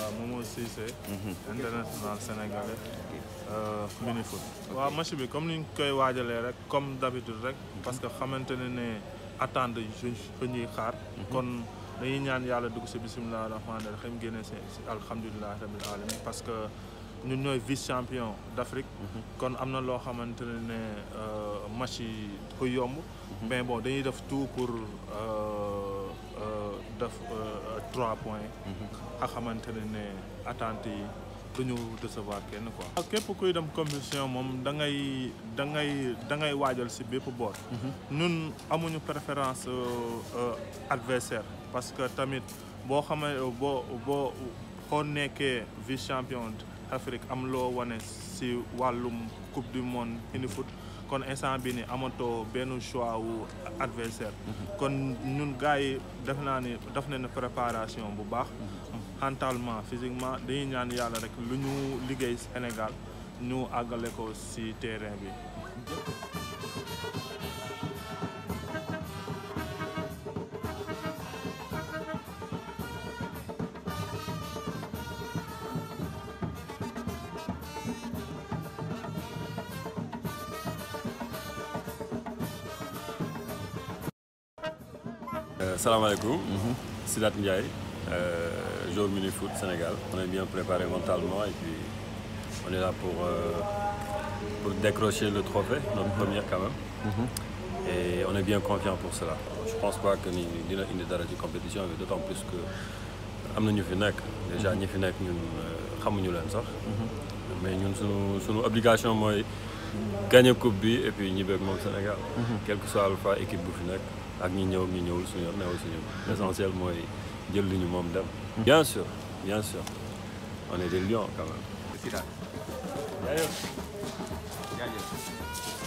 waaw bah, Momo mhm. international sénégalais. Euh, mini foot. waaw match bi comme ni ñu koy waajalee rek comme d'habitude rek. Mhm. parce que xamante ne ne attendre suñ ñuy xaar. Mhm. kon dañuy ñaan yàlla bismillah ar-rahman ar-rahim, génne si si alhamdulilah rabbil alamin parce que nous ñooy vice champion d'Afrique. kon am na loo xamante ne ne euh, match yi du yomb. mais bon dañuy def tout pour. Euh, def euh, euh, trois points. Mhm. nga xamante ne ne attente yi duñu décevoir kenn ko waaw képp kuy dem compétition moom da ngay da ngay da ngay waajal si bépp boor. Mhm. ñun amuñu préférence euh, adversaire parce que tamit boo xamee boo boo boo nekkee vice champion Afrique am loo wane si wàllum coupe du monde indi kon instant bi ni amatoo benn choix wu adversaire kon ñun gars yi def naa ni def nañu préparation bu baax mentalement physiquement dañuy ñaan yàlla rek lu ñu liggéey Sénégal ñu àggale ko ci terrain bi Salam euh, salaamaaleykum. Mm-hmm. Sidat Ndiaye, euh, joueur mini-foot Sénégal. On est bien préparé mentalement et puis on est là pour, euh, décrocher le trophée, notre mm-hmm. première quand même. Mm-hmm. Et on est bien confiant pour cela. Je pense pas que nous une dara de compétition, d'autant plus que nous sommes fi déjà ñi fi nekk ñun xamuñu leen sax. mais nous sommes obligation de gagner coupe bi et puis ñibbeeg au Sénégal. Quelle que soit alpha équipe bu ak ñi ñëw ñu ñëwul suñu yoon newul suñu yoon l'essentiel mooy jël li ñu moom dem. bien sûr bien sûr on est des lions quand même. jaajëf jaajëf.